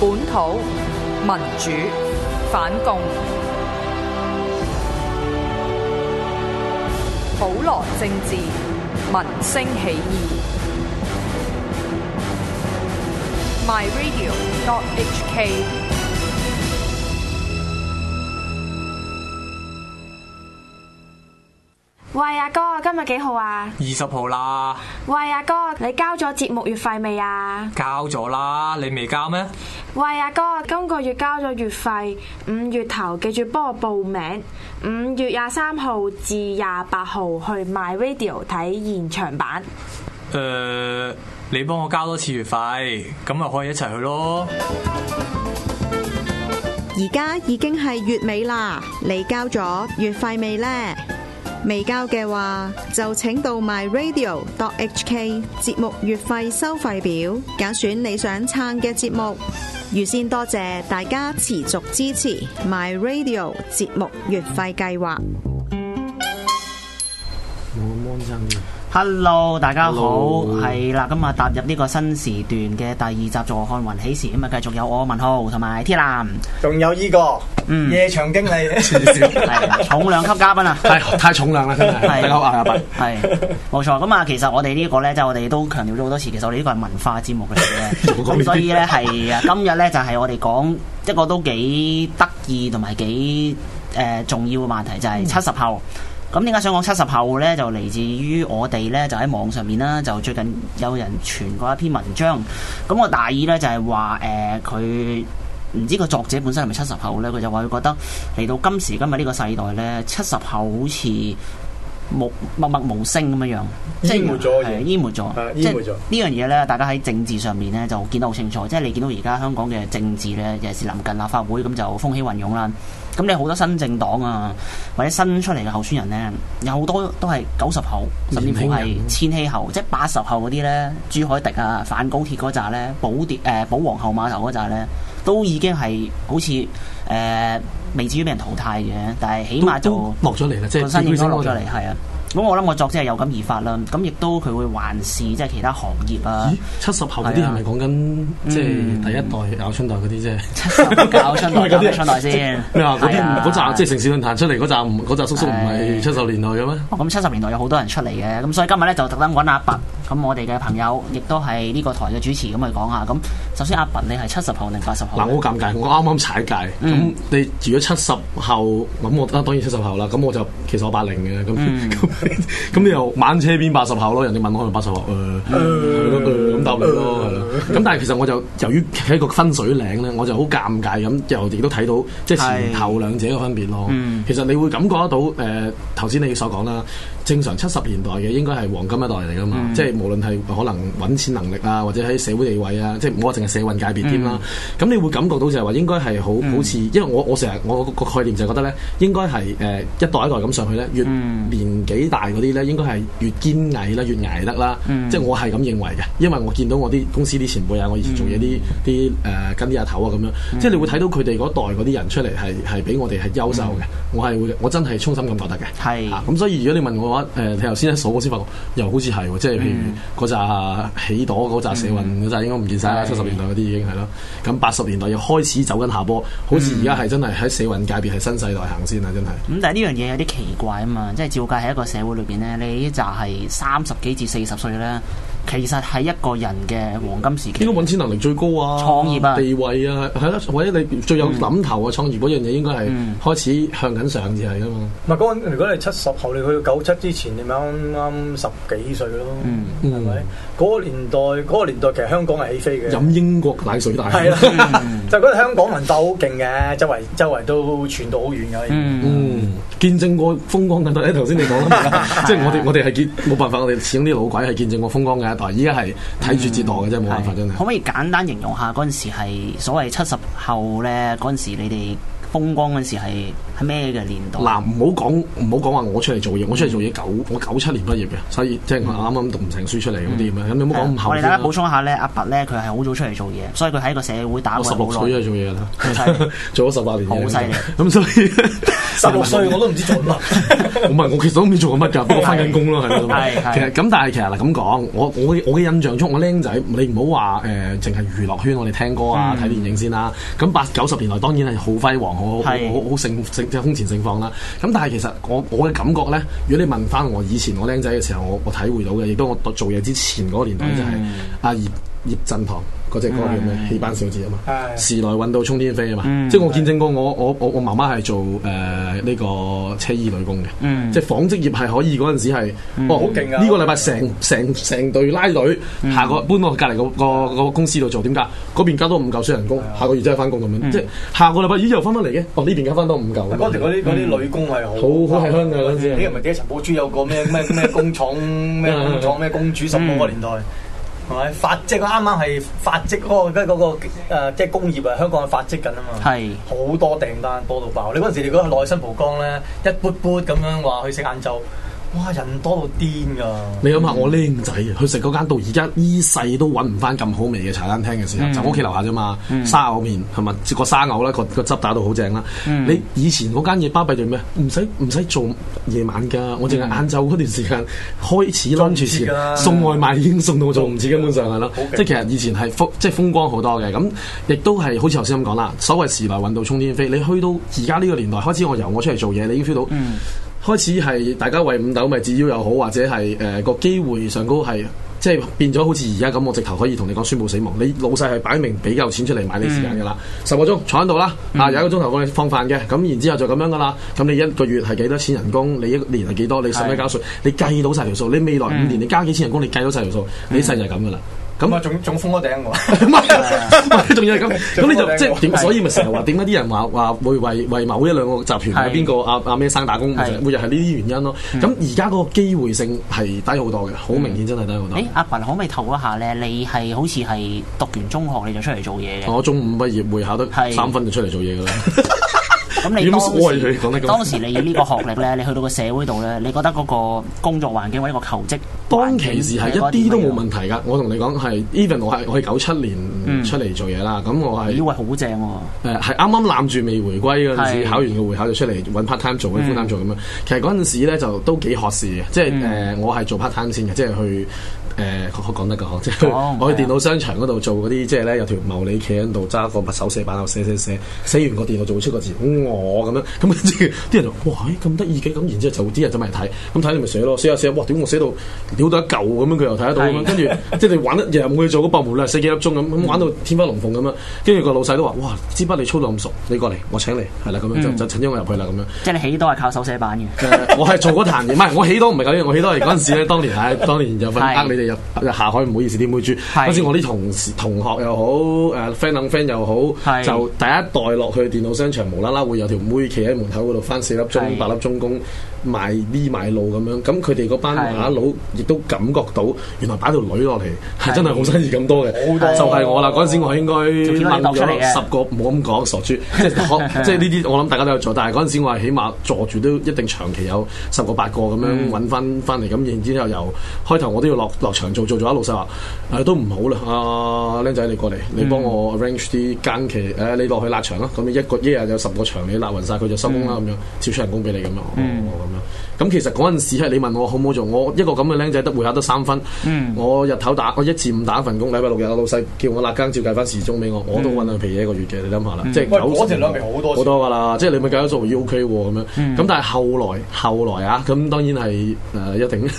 本土民主反共，普羅政治，民生起義。MyRadio.HK。喂，阿哥，今日幾號啊？二十號啦。喂，阿哥，你交咗節目月費未啊？交咗啦，你未交咩？喂，阿哥，今個月交咗月費，五月頭記住幫我報名，五月廿三號至廿八號去 MyRadio 睇現場版。誒、呃，你幫我交多次月費，咁咪可以一齊去咯。而家已經係月尾啦，你交咗月費未呢？未交嘅話，就請到 myradio.hk 節目月費收費表，揀選你想撐嘅節目。預先多謝大家持續支持 myradio 節目月費計劃。 Hello，大家好，係啦 Hello.，咁啊，踏入呢個新時段嘅第二集，坐看雲起時，咁啊，繼續有我文豪同埋鐵男，仲有呢個嗯夜場經理，重量級嘉賓啊，太太重量啦，真係，係冇錯。咁啊，其實我哋呢個咧，就我哋都強調咗好多次，其實我哋呢個係文化節目嚟嘅，咁 所以咧係啊，今日咧就係、是、我哋講一個都幾得意同埋幾誒重要嘅話題，就係七十後。嗯咁點解想講七十後呢？就嚟自於我哋呢，就喺網上面啦。就最近有人傳過一篇文章，咁我大意呢，就係話誒，佢呃唔知個作者本身係咪七十後呢？佢就話佢覺得嚟到今時今日呢個世代呢，七十後好似默默默無聲咁樣樣，淹沒咗嘢，淹沒咗，淹、啊、沒咗呢樣嘢咧。大家喺政治上面咧就見得好清楚，即係你見到而家香港嘅政治咧，尤其是臨近立法會，咁就風起雲湧啦。咁你好多新政黨啊，或者新出嚟嘅候選人咧，有好多都係九十後，甚至乎係千禧後，嗯、即係八十後嗰啲咧，朱海迪啊，反高鐵嗰扎咧，寶蝶誒，寶、呃、皇后碼頭嗰扎咧，都已經係好似誒。呃呃呃未至於俾人淘汰嘅，但係起碼就落咗嚟啦，即係本身已經落咗嚟，係啊。咁我諗我作之係有感而發啦。咁亦都佢會還視即係其他行業啊。七十後啲係咪講緊即係第一代、搞春代嗰啲啫？七十後搞春代嗰春代先。你話嗰啲嗰集即係城市論壇出嚟嗰集，嗰集叔叔唔係七十年代嘅咩？咁七十年代有好多人出嚟嘅，咁所以今日咧就特登揾阿伯。咁我哋嘅朋友亦都係呢個台嘅主持咁去講下。咁首先阿伯，你係七十後定八十後？嗱，我好尷尬，我啱啱踩界。咁、嗯、你住咗七十後，咁我當然七十後啦。咁我就其實我八零嘅。咁咁咁，嗯、 你又揾車邊八十後咯？人哋問我可能八十後，誒咁逗你咯。咁、嗯、但係其實我就由於喺個分水嶺咧，我就好尷尬咁，又亦都睇到即係前頭兩者嘅分別咯。其實你會感覺得到誒，頭、呃、先你所講啦。正常七十年代嘅應該係黃金一代嚟㗎嘛，mm hmm. 即係無論係可能揾錢能力啊，或者喺社會地位啊，即係唔好話淨係社運界別添、啊、啦。咁、mm hmm. 你會感覺到就係話應該係、mm hmm. 好好似，因為我我成日我個概念就係覺得呢，應該係誒、呃、一代一代咁上去呢，越年紀大嗰啲呢應該係越堅毅啦，越捱得啦。Mm hmm. 即係我係咁認為嘅，因為我見到我啲公司啲前輩啊，我以前做嘢啲啲誒跟啲阿頭啊咁樣，mm hmm. 即係你會睇到佢哋嗰代嗰啲人出嚟係係比我哋係優秀嘅、mm hmm.，我係會我真係衷心咁覺得嘅。係、mm，咁、hmm. 所以如果你問我誒，你頭先一數，我先發覺又好似係喎，即係譬如嗰紮起朵，嗰扎社運嗰紮、嗯、應該唔見晒啦，七十對 年代嗰啲已經係啦。咁八十年代又開始走緊下坡，好似而家係真係喺社運界別係新世代行先啦，真係、嗯。咁但係呢樣嘢有啲奇怪啊嘛，即係照計喺一個社會裏邊咧，你依紮係三十幾至四十歲咧。其實係一個人嘅黃金時期，應該搵錢能力最高啊！創業啊，地位啊，係啦，或者你最有諗頭啊，創業嗰樣嘢應該係開始向緊上，就係啊嘛。唔係嗰個，如果你七十後你去到九七之前，你咪啱啱十幾歲咯，係咪？嗰個年代，嗰個年代其實香港係起飛嘅，飲英國奶水大。的 就覺得香港人都好勁嘅，周圍周圍都傳到好遠嘅。嗯，嗯見證過風光近代咧，頭先 你講啦， 即係我哋我哋係見，冇 辦法，我哋始終啲老鬼係見證過風光嘅一代，但係依家係睇住折墮嘅啫，冇、嗯、辦法的真係的。可唔可以簡單形容下嗰陣時係所謂七十後咧？嗰陣時你哋風光嗰陣時係。咩嘅年代？嗱，唔好講唔好講話我出嚟做嘢，我出嚟做嘢九我九七年畢業嘅，所以即係我啱啱讀唔成書出嚟咁啲咁樣。咁你唔好講咁後。我嚟啦，補充一下，咧，阿伯咧佢係好早出嚟做嘢，所以佢喺個社會打滾好耐。十六歲就做嘢啦，做咗十八年。好細！咁所以十六歲我都唔知做乜。唔係，我其實都唔知做過乜噶，不過翻緊工咯，係咪？係係。其實咁，但係其實嗱咁講，我我我嘅印象中，我僆仔，你唔好話誒，淨係娛樂圈，我哋聽歌啊，睇電影先啦。咁八九十年代當然係好輝煌，好好好即係空前盛況啦，咁但係其實我我嘅感覺咧，如果你問翻我以前我僆仔嘅時候，我我體會到嘅，亦都我做嘢之前嗰個年代就係、是嗯、啊！葉振棠嗰隻歌叫咩？《戲班小子》啊嘛，時來運到沖天飛啊嘛，即係我見證過我我我我媽媽係做誒呢個車衣女工嘅，即係紡織業係可以嗰陣時係，哦，好勁啊！呢個禮拜成成成隊拉女，下個搬落隔籬個個公司度做，點解？嗰邊加多五嚿水人工，下個月真係翻工咁樣，即係下個禮拜咦又翻翻嚟嘅，哦呢邊加翻多五嚿。嗰時啲啲女工係好好香噶，嗰時你唔係記得陳寶珠有個咩咩咩工廠咩工廠咩公主乜嘢個年代？係咪、那個那個呃？即係佢啱啱係發跡嗰個，跟嗰個誒，即係工業啊！香港係發跡緊啊嘛，係好是多訂單，多到爆。你嗰陣時，你嗰個內新蒲崗咧，一般般咁樣話去食晏晝。哇！人多到癲噶、啊，你諗下我僆仔去食嗰間到而家呢世都揾唔翻咁好味嘅茶餐廳嘅時候，mm hmm. 就屋企樓下啫嘛、mm hmm.，沙牛麵係咪？個沙牛咧，個個汁打到好正啦。Mm hmm. 你以前嗰間嘢巴閉做咩？唔使唔使做夜晚噶，我淨係晏晝嗰段時間開始 lunch 送外賣已經送到做唔切、啊、根本上係咯。Okay. 即係其實以前係風即係風光多好多嘅，咁亦都係好似頭先咁講啦。所謂時來運到沖天飛，你去到而家呢個年代，開始我由我出嚟做嘢，你已經 feel 到。Mm hmm. 開始係大家為五斗米折腰又好，或者係誒、呃、個機會上高係即係變咗好似而家咁，我直頭可以同你講宣布死亡。你老細係擺明俾夠錢出嚟買你時間㗎啦，十個鐘坐喺度啦，嗯、啊有一個鐘頭俾你放飯嘅，咁然之後就咁樣㗎啦。咁你一個月係幾多錢人工？你一年係幾多？你使唔使交稅？的你計到晒條數。你未來五年的你加幾千人工，你計到晒條數，的你一世就係咁㗎啦。咁啊，仲仲那封我頂我，唔 係， 仲要係咁，咁你就即係點？所以咪成日話點解啲人話話會為為某一兩個集團係邊個阿阿咩生打工嘅啫？每日係呢啲原因咯。咁而家嗰個機會性係低好多嘅，好明顯真係低好多。嗯欸、阿群可唔可以唞一下咧？你係好似係讀完中學你就出嚟做嘢嘅？ 我中五畢業，會考得三分就出嚟做嘢嘅啦。 咁你當時當時你以呢個學歷咧，你去到個社會度咧，你覺得嗰個工作環境或者個求職，當其時係一啲都冇問題噶。我同你講係，even 我係我係九七年出嚟做嘢啦。咁我係，哇好正！誒，係啱啱攬住未回歸嗰陣時，考完個會考就出嚟搵 part time 做，搵 full time 做咁樣。其實嗰陣時咧就都幾學士嘅，即係誒，我係做 part time 先嘅，即係去。誒可、嗯、講得噶，即、就、係、是哦啊、我喺電腦商場嗰度做嗰啲，即係咧有條茂利企喺度，揸個手寫板度寫寫寫，寫完個電腦就會出個字，我、嗯、咁、哦、樣，咁跟住啲人就哇誒咁得意嘅，咁、欸、然之後就啲人就咪睇，咁睇咪寫咯，寫下寫下，哇點我寫到屌到一嚿咁樣，佢又睇得到咁的樣，跟住即係你玩一日冇嘢做，嗰百無聊死幾粒鐘咁，咁玩到天花龍鳳咁樣，跟住個老細都話哇支筆你操到咁熟，你過嚟我請你，係啦咁樣就、嗯、就請咗我入去啦咁樣。即係你起多係靠手寫板嘅， 是我係做嗰壇嘅，唔係我起多唔係咁樣，我起多係嗰陣時咧入下海，唔好意思，啲妹豬。好似是我啲同事同學又好，誒 friend 等 friend 又好，是就第一代落去電腦商場，無啦啦會有條妹企喺門口嗰度，返四粒鐘、是八粒鐘工。賣啲賣路咁樣，咁佢哋嗰班打佬亦都感覺到，原來擺條女落嚟係真係好生意咁多嘅，就係我啦。嗰陣時我應該掹咗十個，唔好咁講傻豬，即係即係呢啲我諗大家都有做，但係嗰陣時我係起碼坐住都一定長期有十個八個咁樣揾翻翻嚟，咁然之後由開頭我都要落落場做做咗，阿老細話誒都唔好啦，阿僆仔你過嚟，你幫我 arrange 啲間期，誒你落去拉場咯，咁一個一日有十個場你拉完晒佢就收工啦咁樣，照出人工俾你咁樣，嗯。咁其實嗰陣時係你問我好唔好做，我一個咁嘅僆仔得會考得三分，我日頭打我一至五打份工，禮拜六日老細叫我辣更照計翻時鐘俾我，我都搵兩皮嘢，一個月嘅，你諗下啦，即係九嗰陣兩皮好多好多噶啦，即係你咪計咗做要 OK 喎，咁樣，咁但係後來後來啊，咁當然係誒一定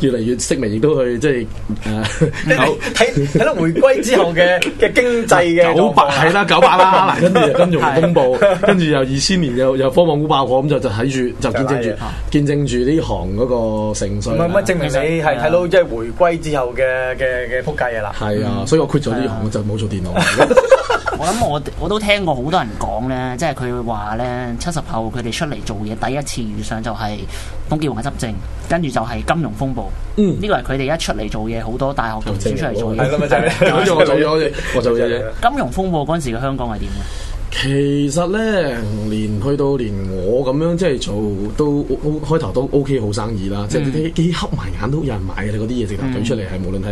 越嚟越識明，亦都去即係誒睇睇到回歸之後嘅嘅經濟嘅九百係啦九百啦，跟住跟住金融公布，跟住又二千年又又科網股爆火，咁就就睇住就見證住。見證住呢行嗰個盛衰，唔係唔係證明你係睇到即係回歸之後嘅嘅嘅複計啊啦，係啊，所以我豁咗呢行，我就冇做電腦。我諗我我都聽過好多人講咧，即係佢話咧，七十後佢哋出嚟做嘢，第一次遇上就係董建華嘅執政，跟住就係金融風暴。嗯，呢個係佢哋一出嚟做嘢，好多大學讀書出嚟做嘢。我做咗嘢，我做咗嘢。金融風暴嗰陣時嘅香港係點嘅？其實咧，連去到連我咁樣即係做都開頭都 OK 好生意啦，mm. 即係幾幾黑埋眼都有人買嘅嗰啲嘢，直頭舉出嚟係無論係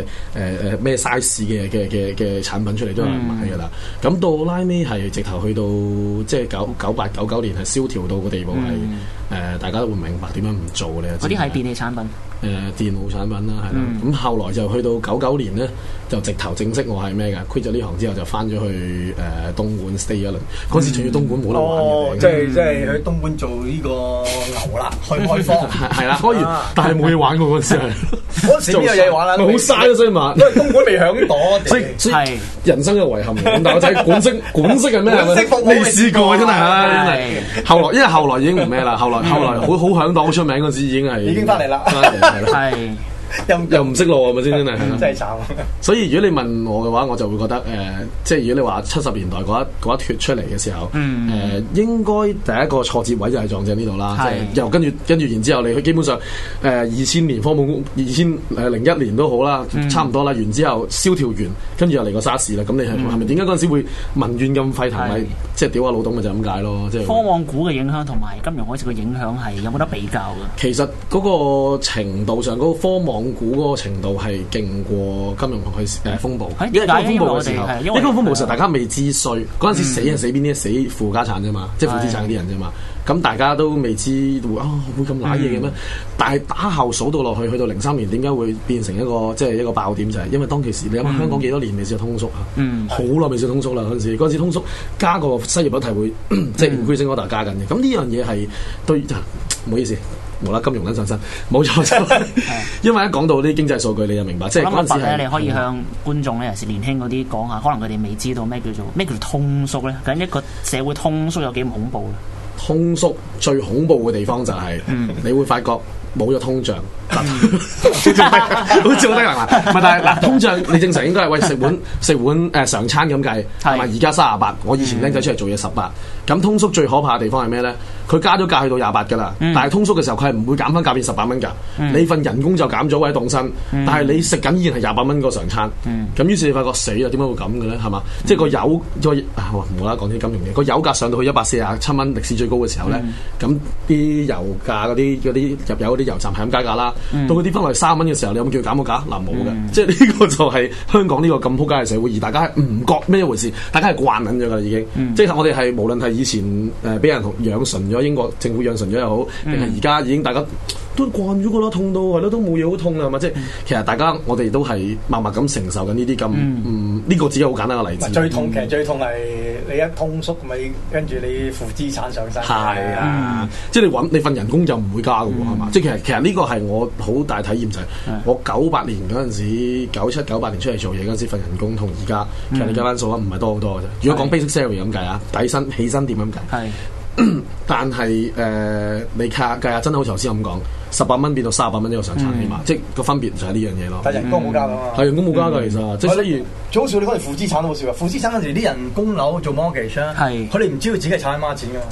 誒誒咩 size 嘅嘅嘅嘅產品出嚟都有人買㗎啦。咁、mm. 到拉尾係直頭去到即係九九八九九年係蕭條到個地步係。Mm. 誒，大家都會明白點樣唔做呢？嗰啲係電器產品，誒電腦產品啦，係啦。咁後來就去到九九年呢，就直頭正式我係咩嘅？quit 咗呢行之後，就翻咗去誒東莞 stay 一輪。嗰時仲要東莞冇得玩。哦，即係即係去東莞做呢個牛啦，去開放係係啦，開完，但係冇嘢玩嘅嗰陣時係。冇嘢玩啦，冇嘥所以嘛，因為東莞未響度。即係人生嘅遺憾，但係我睇莞式莞式係咩啊？未試過真係。後來因為後來已經唔咩啦，後來。後來好好響檔，好出名，嗰陣時已經係已經翻嚟啦，翻嚟係。又又唔識路係咪先？真係 真係慘。所以如果你問我嘅話，我就會覺得誒、呃，即係如果你話七十年代嗰一嗰一脱出嚟嘅時候，誒、嗯呃、應該第一個挫折位就係撞正呢度啦。係又是跟住跟住，然之後你佢基本上誒二千年科網二千零一年都好啦，嗯、差唔多啦。然之後蕭條完，跟住又嚟個沙士 r s、ARS、啦。咁你係咪點解嗰陣時會民怨咁沸騰？係的即係屌下老董咪就係咁解咯。即係的科網股嘅影響同埋金融海嘯嘅影響係有冇得比較嘅？其實嗰個程度上，嗰、那個科網控股嗰個程度係勁過金融同佢誒風暴，欸、因為講風暴嘅時候，因為風暴時候大家未知衰，嗰陣、嗯、時死人死邊啲死負家產啫嘛，即係負資產啲人啫嘛。咁是大家都未知會啊、哦，會咁揦嘢嘅咩？嗯、但係打後數到落去，去到零三年，點解會變成一個即係、就是、一個爆點？就係、是、因為當其時你諗下，香港幾多年未試過通縮啊？好耐、嗯、未試通縮啦嗰陣時，嗰陣時通縮加個失業率題會 即係匯升嗰度加緊嘅。咁呢樣嘢係對，唔好意思。冇啦，金融跟上身冇錯，因為一講到啲經濟數據，你就明白。即係我諗咧，你可以向觀眾咧，尤其是年輕嗰啲講下，可能佢哋未知道咩叫做咩叫通縮咧。咁一個社會通縮有幾恐怖咧？通縮最恐怖嘅地方就係，你會發覺冇咗通脹，好似好低能，唔係，但係嗱，通脹你正常應該係喂食碗食碗誒常餐咁計，同而家卅八，我以前拎咗出嚟做嘢十八，咁通縮最可怕嘅地方係咩咧？佢加咗價去到廿八噶啦，但係通縮嘅時候佢係唔會減翻價變十八蚊噶。嗯、你份人工就減咗位凍薪，嗯、但係你食緊依然係廿八蚊個常餐。咁於、嗯、是你發覺死啊？點解會咁嘅咧？係嘛？嗯、即係個油個，我而家講啲金融嘢。個油價上到去一百四十七蚊歷史最高嘅時候咧，咁啲、嗯、油價嗰啲啲入油嗰啲油站係咁加價啦。嗯、到佢跌翻落去三蚊嘅時候，你有冇叫減個價？嗱冇嘅，嗯、即係呢個就係香港呢個咁撲街嘅社會，而大家係唔覺咩回事，大家係慣緊咗啦已經。嗯、即係我哋係無論係以前誒俾人同養純。如果英國政府養純咗又好，但係而家已經大家都慣咗個咯，痛到係咯，都冇嘢好痛啦，係咪？即係其實大家我哋都係默默咁承受緊呢啲咁，嗯呢、呢個只有好簡單嘅例子。最痛那其實最痛係你一通縮咪跟住你負資產上身。係啊，啊嗯、即係你揾你份人工就唔會加嘅喎，係嘛、嗯？即係其實其實呢個係我好大體驗就係、是、我九八年嗰陣時九七九八年出嚟做嘢嗰陣時份人工同而家其實你加翻數啦，唔係多好多嘅啫。如果講 basic salary 咁計啊，底薪起薪點咁計係。但係誒，你計下計下，真係好似頭先咁講，十八蚊變到卅八蚊呢個上產啲嘛，即係個分別就係呢樣嘢咯。但人工冇加噶嘛？係人工冇加噶，其實即係。例如最好笑，你嗰陣負資產好笑啊！負資產嗰陣啲人供樓做 mortgage 商，係佢哋唔知道自己係賺緊乜錢噶嘛。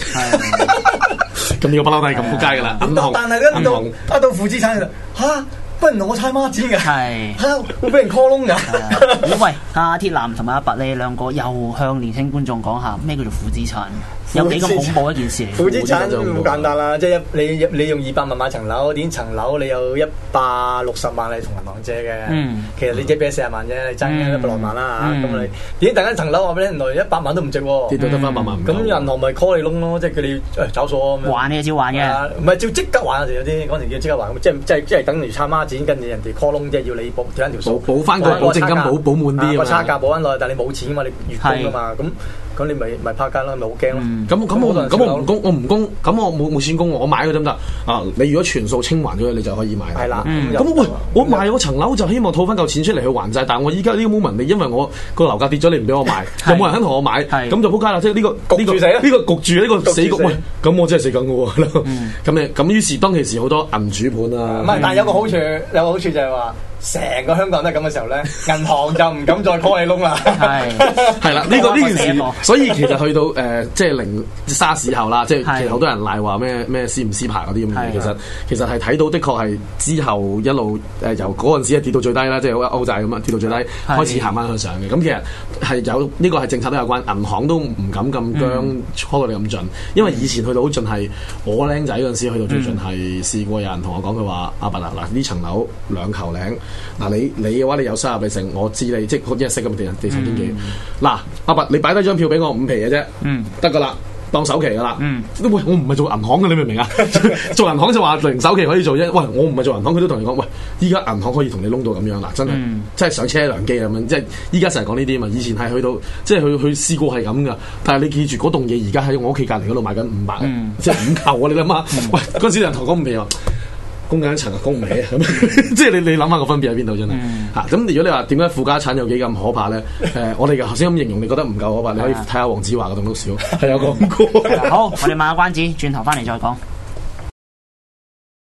咁呢個不嬲都係咁扑街噶啦。咁但係一到一到負資產就吓。不然我猜孖子嘅，係、啊，會俾人 call 窿嘅。 喂，鐵阿鐵男同埋阿白呢兩個又向年青觀眾講下咩叫做負資產？資產有幾咁恐怖一件事嚟？負資產好簡單啦，即係一你你用二百萬買層樓，點層樓你有一百六十萬你同銀行借嘅。嗯、其實你借俾四十萬啫，你真嘅一百萬啦咁、嗯嗯、你點知突然間層樓話俾人來一百萬都唔值、啊？跌到得翻百萬咁、啊，銀行咪 call 你窿咯，即係叫你誒、哎、找數。玩嘅照玩嘅，唔係照即刻玩啊！就有啲講成叫即刻還，即係即係等於猜孖子。錢跟住人哋 call 窿即係要你補整一條數，補翻個保證金，補補滿啲啊！個差價補翻落去，但係你冇錢啊嘛，你月供啊嘛咁。的咁你咪咪拍街啦，咪好驚咯。咁咁我咁我唔供，我唔供，咁我冇冇錢供，我買得唔得啊？你如果全數清還咗，你就可以買。係啦，咁喂，我賣咗層樓就希望套翻嚿錢出嚟去還債，但係我依家呢個 moment，因為我個樓價跌咗，你唔俾我買，又冇人肯同我買，咁就扑街啦。即係呢個呢個焗住死呢個焗住呢個死局啦。咁我真係死梗嘅喎。咁咁於是當其時好多銀主盤啊。唔係，但係有個好處，有個好處就係話。成個香港都係咁嘅時候咧，銀行就唔敢再 call 你窿啦。係係啦，呢個呢件事，所以其實去到誒即係零沙士後啦，即係其實好多人賴話咩咩撕唔撕牌嗰啲咁嘅嘢。其實其實係睇到的確係之後一路誒由嗰陣時跌到最低啦，即係好似歐債咁啊跌到最低開始行翻向上嘅。咁其實係有呢個係政策都有關，銀行都唔敢咁僵 call 到你咁盡，因為以前去到好盡係我僆仔嗰陣時去到最盡係試過有人同我講佢話：阿伯嗱嗱呢層樓兩球頂。嗱、啊、你你嘅話你有收入 p 成，我知你即係好一人識咁地人地產經紀。嗱阿伯，你擺低張票俾我五皮嘅啫，得噶啦，當首期噶啦。嗯、喂，我唔係做銀行噶，你明唔明啊？ 做銀行就話零首期可以做啫。喂，我唔係做銀行，佢都同你講，喂，依家銀行可以同你窿到咁樣啦，真係真係上車良機啊！咁即係依家成日講呢啲啊嘛，以前係去到即係佢佢試過係咁噶，但係你記住嗰棟嘢而家喺我屋企隔籬嗰度賣緊五百，即係五球啊！你諗下，喂，嗰、嗯、 時人同我講五皮啊！供一層嘅供唔起啊！ 即係你你諗下個分別喺邊度真係、嗯啊、如果你話點解負資產有幾咁可怕咧？誒、呃，我哋頭先咁形容，你覺得唔夠可怕？ 你可以睇下黃子華嘅棟篤笑，好， 我哋賣下關子，轉頭翻嚟再講。